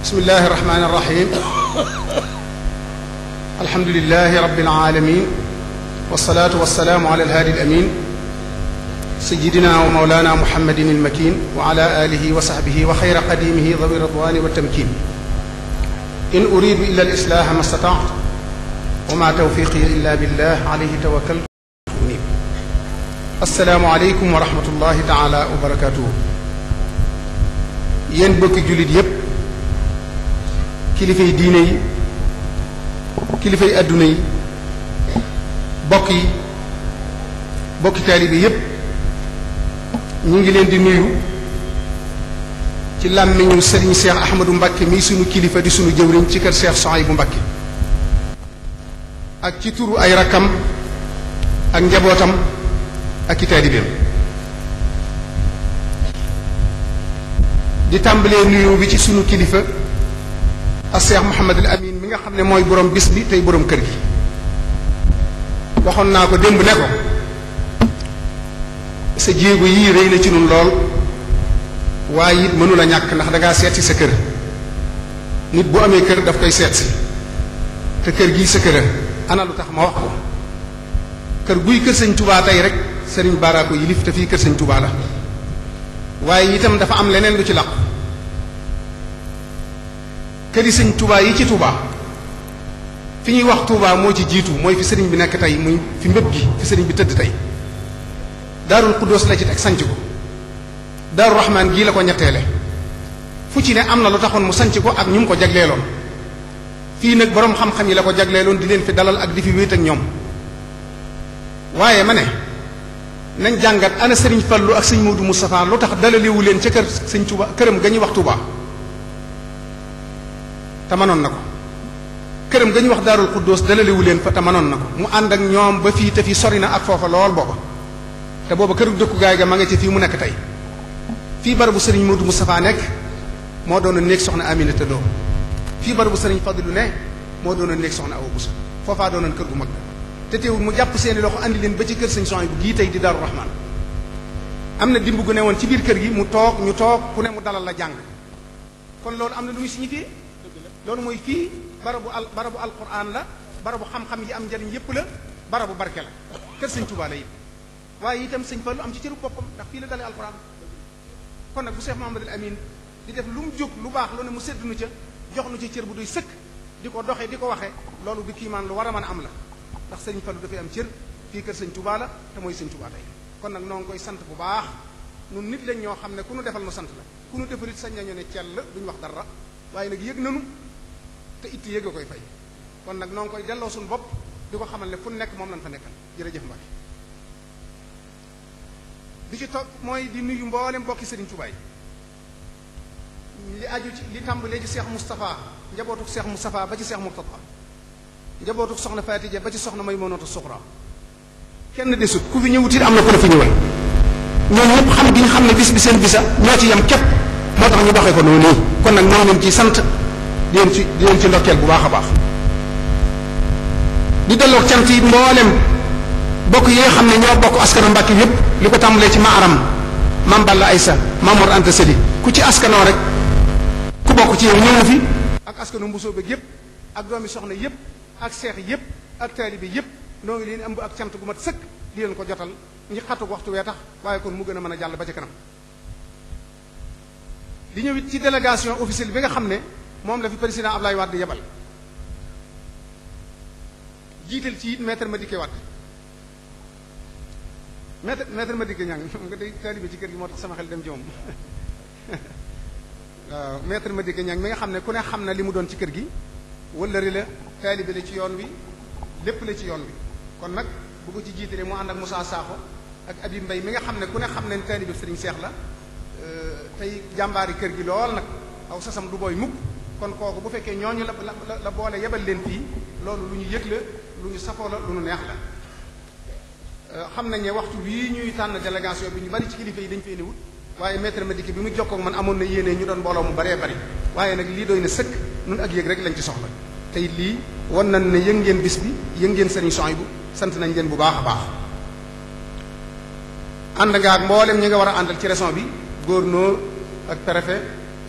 bismillahi irrahmani irrahim alhamdulilahi rabbil alamin wasalaatu wasalaamu ala alhaadi alamin sayidina wa maulana muhammadin almakin wa ala alihi wa saxbihi wa xayra qadimihi dawi ridwani wa tamkin in uridu illa alislaaha ma stataat wa ma tawfiqi illa billah alayhi tawakkaltu assalaamu aleykum wa rahmatullahi taala wa barakatuhu yéen bokki jullit yépp kilifay diine yi kilifay àdduna yi bokk yi bokki taalibe yépp ñu ngi leen di nuyu ci làmmiñu sëriñ Cheikh Ahmadou Mbacké mii sunu kilifa di sunu jëwriñ ci kër Cheikh Souhaïbou Mbacké ak ci turu ay rakkam ak njabootam ak i taalibeem di tàmbalee nuyu bi ci sunu kilifa ak Cheikh Mouhamadul Amin mi nga xam ne mooy borom bis bi tey borom kër gi waxoon naa ko démb ne ko sa jéego yii rëy la ci nun lool waaye it mënula ñàkk ndax dangaa seet si sa kër nit bu amee kër daf koy seetsi te kër gi sa këra ana lu tax ma wax ko kër guy kër sëñ tubaa tey rek sëriñ Baara ko yilif te fii kër sëñ tubaa la waaye itam dafa am leneen lu ci làqu kër yi sëñ Touba yi ci Touba fi ñuy wax Touba moo ci jiitu mooy fi sëriñ bi nekk tey muy fi mbépp gi fi sëriñ bi tëdd tey daarul Xuddoos la ci ak sanc ko daaru Rahmaan gii la ko ñetteele fu ci ne am na lu taxoon mu sanc ko ak ñu mu ko jagleeloon fii nag boroom xam-xam yi la ko jagleeloon di leen fi dalal ak di fi wéet ak ñoom waaye ma ne nañ jàngat ana sëriñ Fallu ak sëñ Moodu Moustapha lu tax dalaliwu leen ca kër sëñ Touba këram ga wax Touba te mënoon na ko këram ga ñu wax daarul xuddoos dalalewu leen fa te manoon na ko mu ànd ak ñoom ba fii te fii sori na ak foofa lool booba te booba këru dëkkugaay ga ma nga ci fii mu nekk tey fii barabu sëriñ Modou safaa nekk moo doon néeg soxna Aminata loo fii barabu sëriñ Fadlu ne moo doon néeg soxna Awa Bousso foofaa doonoon kër gu mag te teewul mu jàpp seeni loxo andi leen ba ci kër sëñ soxna bu gii tey di Daaru Rahman am na dimb gu ne woon ci biir kër gi mu toog ñu toog ku ne dalal la jàng loolu am loolu mooy fii barabu al barabu alquran la barabu xam-xam yi am njariñ yépp la barabu barke la kër sëñ Tuubaa la yëpp waaye itam sëñ Fallu am ci cëru boppam ndax fii la dalee alquran kon nag bu Cheikh Mouhamadul Amin di def lu mu jóg lu baax lu ne mu na ca jox nu ci cër bu doy sëkk di ko doxee di ko waxee loolu du kiimaan lu war a man a am la ndax sëñ Fallu dafay am cër fii kër sañ Tuubaa la te mooy sëñ Tuubaa tey kon nag noo ngi koy sant bu baax nun nit lañ ñoo xam ne ku defal nu sant la ku nu defalit sañ nañu ne cell duñu wax dara waaye nag yëg nanu te it yéeg a koy fay kon nag noo koy delloo suñu bopp di ko xamal ne fu nekk moom lañ fa nekkal jëf Mbacke bi ci topp mooy di nuyu mboole mbokki Serigne Touba yi li aju ci li tàmbalee ci Cheikh Moustapha njabootuk Cheikh Moustapha ba ci Cheikh Moustapha njabootuk soxna Fatija ba ci soxna Maymunatu Suxra kenn desut ku fi ñëwut it am na ku la fi ñëwal ñoom ñëpp xam gi ñu xam ne bis bi seen bisa ñoo ci yem képp moo tax ñu doxee ko noonu kon nag ñoo leen ciy sant di leen ci di leen ci ndokkeel bu baax a baax di delloo cant yi mboolem bokk yi nga xam ne ñoo bokk askanu Mbàkke yépp li ko tàmbalee ci maaram maam Balla Aysa maam Mor Anta Sali ku ci askanoo rek ku bokk ci yow ak askanu mbusoo beeg yépp ak doomi soxna yépp ak seex yépp ak taalibe yépp noo ngi leen ëmb ak cant gu mat sëkk di leen ko jotal ñi xatug waxtu wee tax waaye kon mu gën a mën a jàll ba ca kanam li ñëw it ci délégation officielle bi nga xam ne moom la fi président Ablaye Wade yebal jiital ci it maître Madické Wade maître maître Madické ñang xam nga day taalibe ci kër gi moo tax sama xel dem ci moom waaw maître Madické ñang mi nga xam ne ku ne xam na li mu doon ci kër gi wëllëri la taalibe la ci yoon wi lépp la ci yoon wi kon nag bu ko ci jiitalee mu ànd ak Moussa Sakho ak Abi mbey mi nga xam ne ku ne xam ne taalibe Serigne seex la euh, tey jàmbaari kër gi lool nag aw sasam du booy mukk kon kooku bu fekkee ñooñu la la la boole yebal leen fii loolu lu ñu yëg la lu ñu safoo la lu ñu neex la euh, xam nañ ne waxtu wii ñuy tànn délégation bi ñu bari ci kilifa yi dañ fee newut waaye ma Madické bi mu jox ak man amoon na yéene ñu doon mbooloo mu baree bari waaye nag lii doy na sëkk nun ak yëg rek lañ ci soxla tey lii wan nañ ne yëg ngeen bis bi yëg ngeen sëriñ bu sant nañ leen bu baax a baax ànd nga ak mboolem ñi nga war a àndal ci région bi gouverneur ak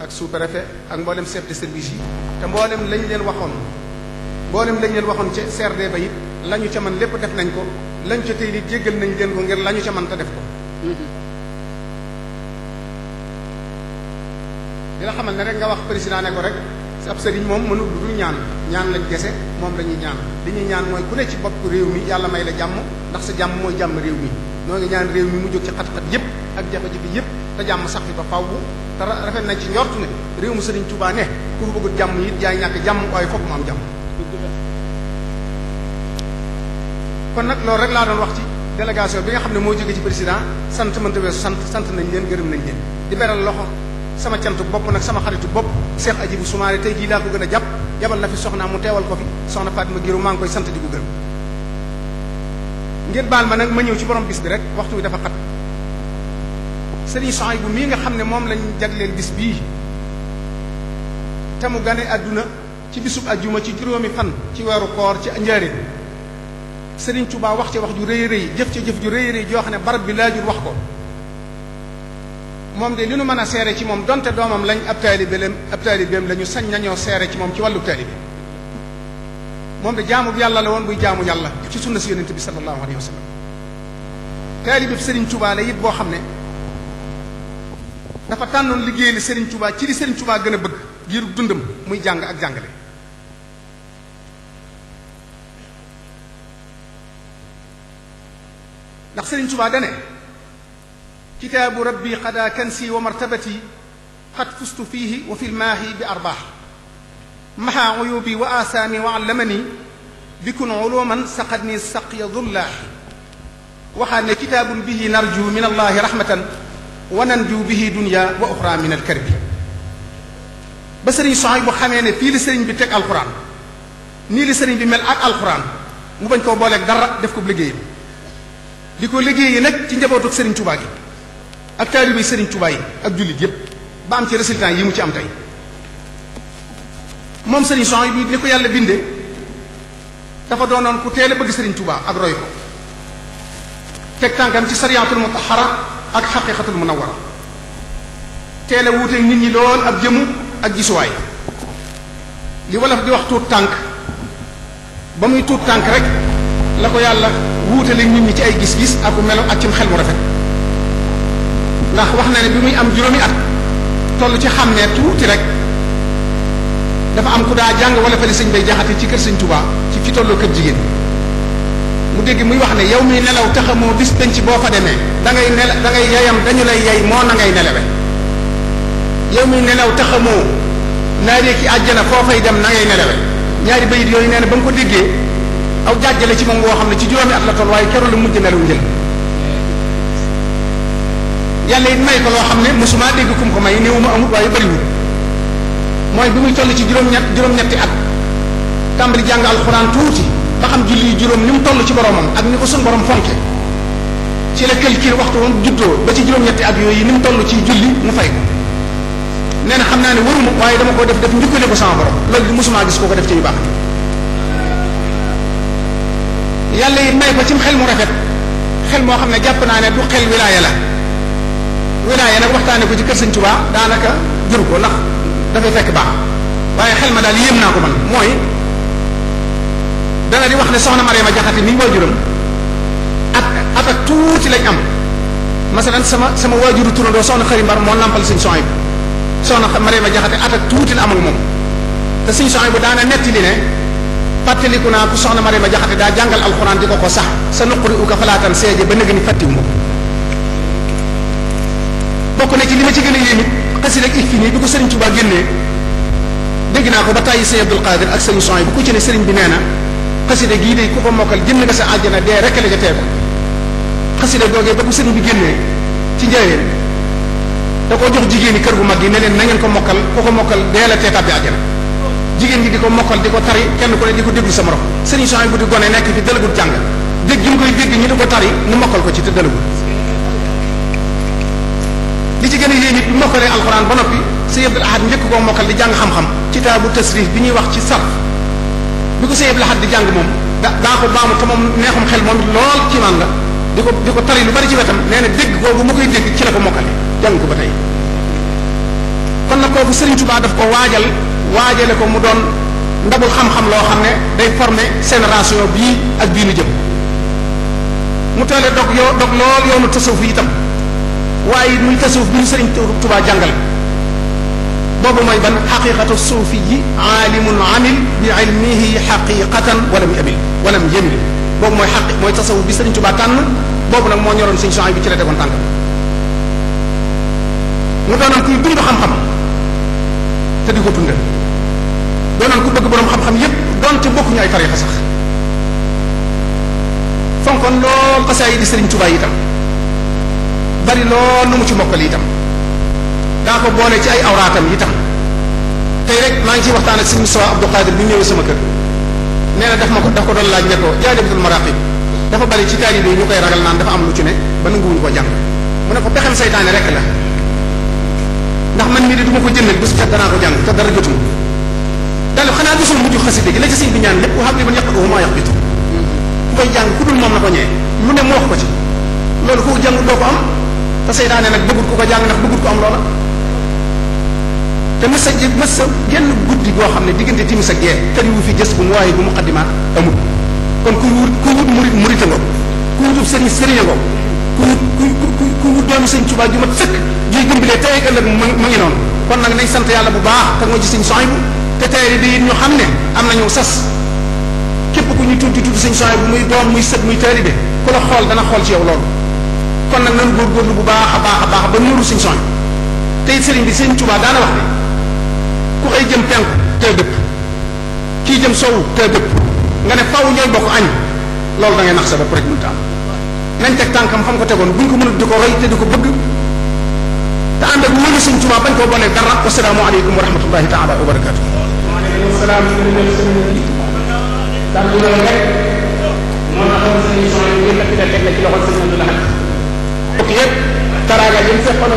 ak sous-préfet ak mboolem chef de yi te mboolem lañ leen waxoon mboolem lañ leen waxoon ca CRD ba it la ca man lépp def nañ ko lañ ca tey nit jéggal nañ leen ko ngir lañu ca man te def ko di la xamal ne rek nga wax président ne ko rek ab sëriñ moom mënul dul ñaan ñaan lañ gese moom lañuy ñaan li ñuy ñaan mooy ku ne ci bopp réew mi yàlla may la jàmm ndax sa jàmm mooy jàmm réew mi moo ngi ñaan réew mi mu jóg ci xat-xat yépp ak jafe-jafe yépp te jàmm sax fi ba fawwu te rafet nañ ci njort ne mu Sëriñ Tuubaa ne ku fi bëggut jàmm it yaay ñàkk jàmm waaye fokk mu am kon nag loolu rek laa doon wax ci délégation bi nga xam ne moo jóge ci président sant mënta weesu sant sant nañ leen gërëm nañ leen di beral loxo sama cantu bopp nag sama xaritu bopp Cheikh Hadjibou Soumaré tey jii laa ko gën a jàpp yabal na fi soxna mu teewal ko fi soxna Fatima Guiro maa ngi koy sant di ko gërëm ngeen baal ma nag ma ñëw ci borom bis bi rek waxtu wi dafa xat sëriñ sang bu mii nga xam ne moom lañ jagleel bis bii te mu gane àdduna ci bisub ajjuma ci juróomi fan ci weeru koor ci njaaréem sëriñ tubaa wax ci wax ju rëy rëy jëf ci jëf ju rëy rëy joo xam ne barab bi laajul wax ko moom de li nu mën a seere ci moom donte doomam lañ ab taalibeem ab taalibeem la ñu sañ nañoo seere ci moom ci wàllu taalibe moom de jaamu yàlla la woon buy jaamu yàlla ci sunna si yonent bi sallallahu alayhi wa sallam taalibe Sëriñ Tuubaa it boo xam ne dafa tànnoon liggéeyal Serigne Touba ci li Serigne Touba gën a bëgg jiiru dundam muy jàng ak jàngale ndax Serigne Touba dane kitaabu rabbi xadaa kansi wa martabati qad fustu fiihi wa fil maahi bi arbaax maha uyubi wa asaami wa allamani bikun uluman saqadni saqya dullaahi waxaan ne kitaabun bihi narju min allahi rahmatan wanan diw bihi dunya wa uxra min al karbi ba sëriñ soxay bu xamee ne fii li sëriñ bi teg alxuraan nii li sëriñ bi mel ak alxuraan mu bañ koo booleeg dara def ko liggéey di ko liggéey yi nag ci njabootu sëriñ Tuubaa gi ak taalibe sëriñ Tuubaa yi ak jullit yépp ba am ci résultat yi mu ci am tey moom sëriñ soxay bi ni ko yàlla bindee dafa doonoon ku teel a bëgg sëriñ Tuubaa ak roy ko teg tànkam ci sariyaatul mutahara ak xaqiqatul munawwara teel a wuuteeg nit ñi lool ab jëmu ak gisuwaay li wolof di wax tuut tànk ba muy tuut tànk rek la ko yàlla wuutaleeg nit ñi ci ay gis-gis ak ku melo ak cim xel mu rafet ndax wax na ne bi muy am juróomi at toll ci xam ne tuuti rek dafa am ku daa jàng wala fa li bay jaxate ci kër sëñ Tuubaa ci fi tolloo kër jigéen mu dégg muy wax ne yow miy nelaw taxamoo bis penc boo fa demee dangay ngay dangay da ngay yeyam dañu lay yey moo na ngay nelawe yow miy nelaw taxamoo naaree ki àjjana foofay dem na ngay nelawe ñaari bayit yooyu nee na ba nga ko déggee aw jàjjale ci moom woo xam ne ci juróomi at la toll waaye keroog la mujj nelaw njël yàlla it may ko loo xam ne mosuma dégg kum ko may néew ma amut waaye bëriwul mooy bi muy toll ci juróom-ñett juróom-ñetti at tàmbali jàng alxuraan tuuti ba xam julli juróom ni mu toll ci boromam ak ni ko suñ borom fonke ci la calcul waxtu woon juddoo ba ci juróom-ñetti at yooyu ni mu toll ci julli mu fay ko nee na xam naa ne waruma waaye dama ko def def njukkale ko sama borom loolu di mosuma gis koo ko def ci yu baax yàlla yi may ko ci xel mu rafet xel moo xam ne jàpp naa ne du xel wilaaya la wilaaya nag waxtaane ko ci kër Sëñ Tuubaa daanaka jur ko ndax dafay fekk baax waaye xel ma daal yéem naa ko man mooy dana di wax ne soxna Mariama Jaxate mi waajuram at at ak tuuti lañ am masalan sama sama waajuru turandoo soxna xëri mbar moo nampal sëñ Sohaybu soxna Mariama Jaxate at ak tuuti la am ak moom te sëñ Sohaybu daana netti li ne fàttaliku naa ku soxna Mariama Jaxate daa jàngal alxuraan di ko ko sax sa nuquri uka falaatan seeje ba nëgg ni fàttiwu bokk na ci li ma ci gën a yéemit xasida ak ifki nii bi ko sëriñ Tuubaa génnee dégg naa ko ba tàyyi sëñ ak sëriñ Sohaybu ku ci bi nee na xasida gii day ku ko mokkal jënd nga sa àjjana dee rek la ca teeku xasida googee ba ko sëriñ bi génnee ci njëriñ da koo jox jigéen ñi kër gu mag yi ne leen na ngeen ko mokkal ku ko mokkal dee la tee bi àjjana jigéen gi di ko mokkal di ko tari kenn ku ne di ko déglu sa morom sëriñ soxna nekk fi dalagul jàng dégg koy dégg ñu di ko tari mu mokkal ko ci te dalagul li ci gën yi yéen it mokkalee alxuraan ba noppi sëriñ Abdul Ahad njëkk koo mokkal di jàng xam-xam ci taabu tasrif bi ñuy wax ci sarf bi ko sëñ Abdou di jàng moom da daa ko baamu te moom neexum xel moom lool ci man la di ko di ko tari lu bari ci wetam nee na dégg googu ma koy dégg ci la ko mokkale jàng ko ba tey kon nag kooku Serigne Touba daf ko waajal waajale ko mu doon ndabul xam-xam loo xam ne day former génération bii ak bii nu jëm mu teel a dog yoo dog lool yoonu tasawuf itam waaye muy tasawuf bi ñu Serigne Touba jàngale boobu mooy ban xaqiqatu suufi yi aalimun amil bi ilmihi xaqiqatan walam yamil boobu mooy xaqi bi Sëriñ Tuubaa tànn boobu nag moo ñoroon suñu champs bi ci la tegoon tànk mu doonoon kuy dund xam-xam te di ko dundal doonoon ku bëgg boroom xam-xam yépp donte bokkuñu ay tarixa sax fonkoon lool xasaa di Sëriñ Tuubaa itam bari lool mu ci mokkal itam. daa ko boole ci ay awraatam yi tam tey rek maa ngi ciy waxtaan ak sëñ Moussa Abdou Khadir bi ñëwee sama kër nee na daf ma ko daf ko doon laaj ne ko jaalibatul maraqib dafa bari ci taalibe yi ñu koy ragal naan dafa am lu ci ne ba nanguwuñ ko jàng mu ne ko pexem saytaane rek la ndax man mii de du ma ko jëndee bés kat danaa ko jàng te dara jotuma dalu xanaa gisul mujj xaside gi la ci sëñ bi ñaan lépp waxam ne man yàqu maa yàq bitu ku koy jàng ku dul moom na ko ñee mu ne mu wax ko ci loolu ku jàng doo ko am te saytaane nag bëggut ku ko jàng ndax bëggut ko am loola te mës a mës genn guddi goo xam ne diggante timis ak gee tëriwu fi gës bu mu waaye bu mu xaddimaat kon ku wut ku wut murit murita nga ku wutub sëriñ sëriña ku wut ku ku wut doomi sëñ Tuubaa ju mat sëkk juy gëmbilee tey ak ëllëg mu ngi noonu kon nag sant yàlla bu baax te ci sëñ Sohaybu te tey xam ne am nañu sas képp ku ñu tudd tudd sëñ Sohaybu muy doom muy sët muy taalibe ku la xool dana xool ci yow loolu kon nag nan góorgóorlu bu baax a baax a baax ba nuru sëñ Sohaybu tey sëriñ bi sëñ Tuubaa daana ku xëy jëm penk kii jëm sow tee nga ne faw ñooy bokk añ loolu dangeen ngay nax sa bopp rek mënut a am tànkam fam ko tegoon buñ ko mënut di ko roy te di ko bëgg te ànd ak wëlu suñ Tuubaa bañ ko boole dara wasalaamu aleykum wa rahmatullahi taala wa barakatu waaleykum salaam kàddu loolu rek moo taxoon suñu son yi ngeen def la ci loxol sëñ Abdou Lahad bokk yëpp taraanga jëm fekkoon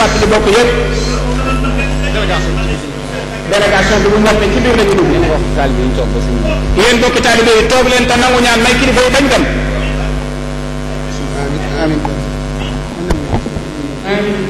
fàttali bokk yëpp délégation bi bu noppee ci biir la ñu dugg. wax taalibe yi ñu toog ba suñu yéen bokki taalibe yi toog leen te nangu ñaan may kilifa yi bañ dem. amiin amiin